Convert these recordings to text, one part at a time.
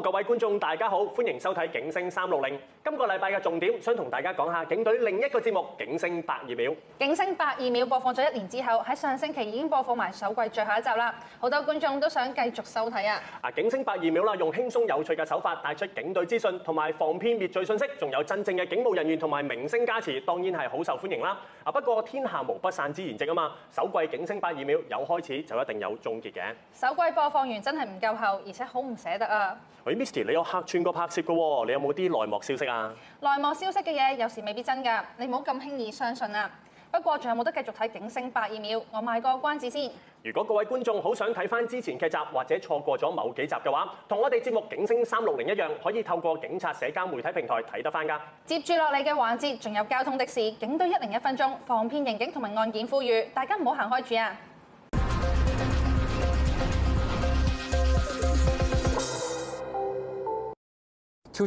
各位觀眾，大家好，歡迎收睇《警聲三六零》。今個禮拜嘅重點，想同大家講下警隊另一個節目《警聲百二秒》。《警聲百二秒》播放咗一年之後，喺上星期已經播放埋首季最後一集啦。好多觀眾都想繼續收睇啊！啊，《警聲百二秒》啦，用輕鬆有趣嘅手法帶出警隊資訊同埋防騙滅罪信息，仲有真正嘅警務人員同埋明星加持，當然係好受歡迎啦。啊，不過天下無不散之筵席啊嘛，首季《警聲百二秒》有開始就一定有終結嘅。首季播放完真係唔夠喉，而且好唔捨得啊！喂，Misty，你有客串過拍攝嘅喎，你有冇啲內幕消息啊？內幕消息嘅嘢有時未必真㗎，你唔好咁輕易相信啦，啊。不過仲有冇得繼續睇警聲八二秒？我賣個關子先。如果各位觀眾好想睇翻之前劇集或者錯過咗某幾集嘅話，同我哋節目警聲三六零一樣，可以透過警察社交媒體平台睇得翻㗎。接住落嚟嘅環節仲有交通、的士、警隊一零一、分鐘防騙、刑警同埋案件呼籲，大家唔好行開住啊！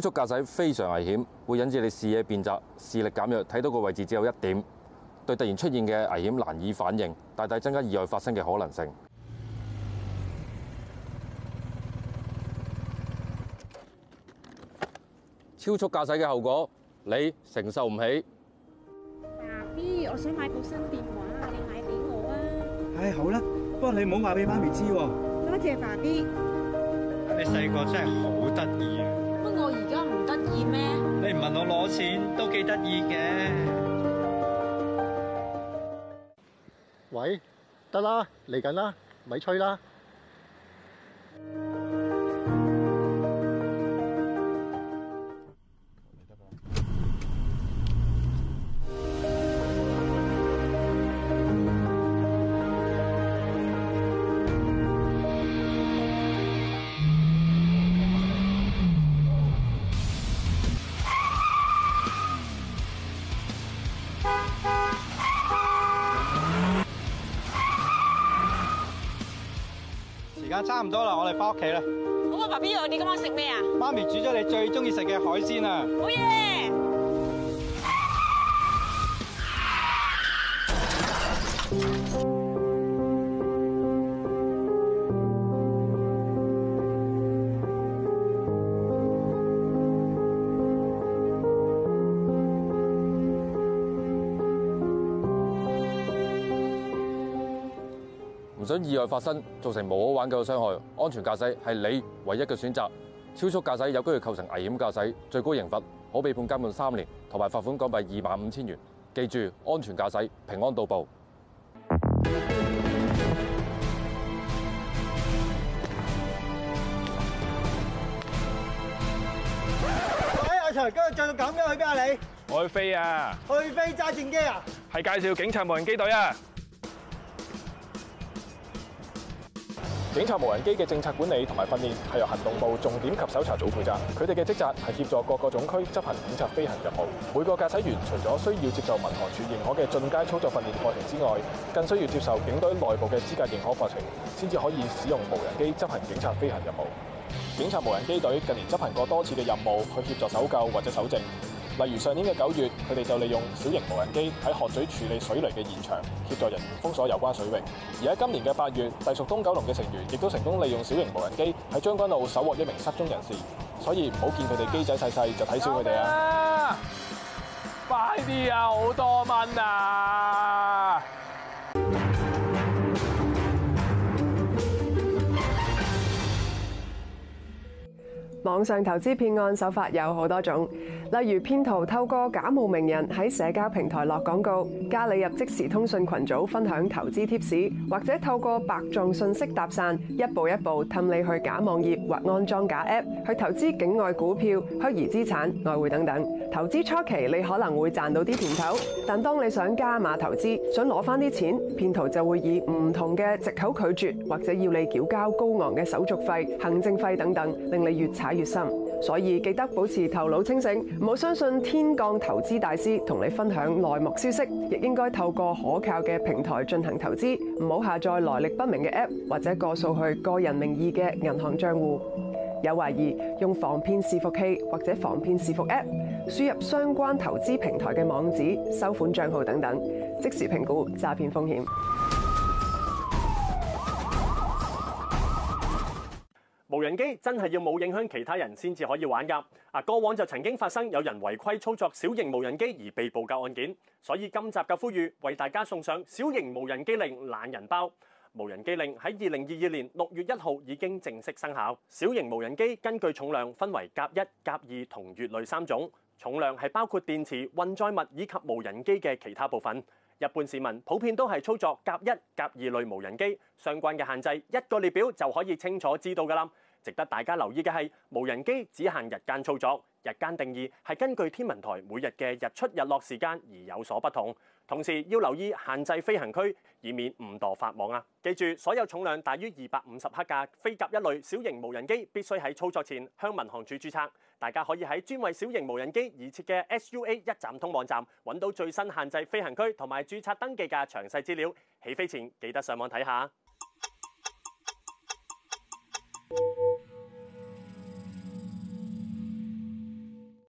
超速駕駛非常危險，會引致你視野變窄、視力減弱，睇到個位置只有一點，對突然出現嘅危險難以反應，大大增加意外發生嘅可能性。超速駕駛嘅後果，你承受唔起。爸 B，我想買部新電話，你買俾我啊！唉，好啦，不過你唔好話俾媽咪知。多謝爸 B。你細個真係好得意啊！不過我而家唔得意咩？你唔問我攞錢都幾得意嘅。的喂，得啦，嚟緊啦，咪催啦。差唔多啦，我哋翻屋企啦。好啊，爸 B，你今晚食咩啊？媽咪煮咗你最中意食嘅海鮮啊！好嘢！ 唔想意外發生，造成無可挽救嘅傷害，安全駕駛係你唯一嘅選擇。超速駕駛有機會構成危險駕駛，最高刑罰可被判監禁三年，同埋罰款港幣二萬五千元。記住，安全駕駛，平安到步。喂，阿祥，今日着到咁嘅，去邊啊？你？我去飛啊！去飛揸戰機啊！係介紹警察無人機隊啊！警察無人機嘅政策管理同埋訓練係由行動部重點及搜查組負責，佢哋嘅職責係協助各個總區執行警察飛行任務。每個駕駛員除咗需要接受民航處認可嘅進階操作訓練課程之外，更需要接受警隊內部嘅資格認可課程，先至可以使用無人機執行警察飛行任務。警察無人機隊近年執行過多次嘅任務，去協助搜救或者搜證。例如上年嘅九月，佢哋就利用小型無人機喺鶴咀處理水雷嘅現場協助人員封鎖有關水域；而喺今年嘅八月，隸屬東九龍嘅成員亦都成功利用小型無人機喺將軍澳搜獲一名失蹤人士。所以唔好見佢哋機仔細細就睇小佢哋啊！快啲啊！好多蚊啊！網上投資騙案手法有好多種。例如騙徒透過假冒名人喺社交平台落廣告，加你入即時通訊群組分享投資貼士，或者透過白撞信息搭訕，一步一步氹你去假網頁或安裝假 App 去投資境外股票、虛擬資產、外匯等等。投資初期你可能會賺到啲甜頭，但當你想加碼投資、想攞翻啲錢，騙徒就會以唔同嘅借口拒絕，或者要你繳交高昂嘅手續費、行政費等等，令你越踩越深。所以記得保持頭腦清醒，唔好相信天降投資大師同你分享內幕消息，亦應該透過可靠嘅平台進行投資，唔好下載來歷不明嘅 App 或者過數去個人名義嘅銀行賬戶。有懷疑，用防騙視伺器或者防騙視伺 App 輸入相關投資平台嘅網址、收款賬號等等，即時評估詐騙風險。無人機真係要冇影響其他人先至可以玩噶。啊，過往就曾經發生有人違規操作小型無人機而被捕嘅案件，所以今集嘅呼籲為大家送上小型無人機令懶人包。無人機令喺二零二二年六月一號已經正式生效。小型無人機根據重量分為甲一、甲二同乙類三種。重量係包括電池、運載物以及無人機嘅其他部分。一般市民普遍都係操作甲一、甲二類無人機，相關嘅限制一個列表就可以清楚知道噶啦。值得大家留意嘅係，無人機只限日間操作，日間定義係根據天文台每日嘅日出日落時間而有所不同。同時要留意限制飛行區，以免誤墮法網啊！記住，所有重量大於二百五十克嘅飛鴿一類小型無人機必須喺操作前向民航處註冊。大家可以喺專為小型無人機而設嘅 SUA 一站通網站揾到最新限制飛行區同埋註冊登記嘅詳細資料，起飛前記得上網睇下。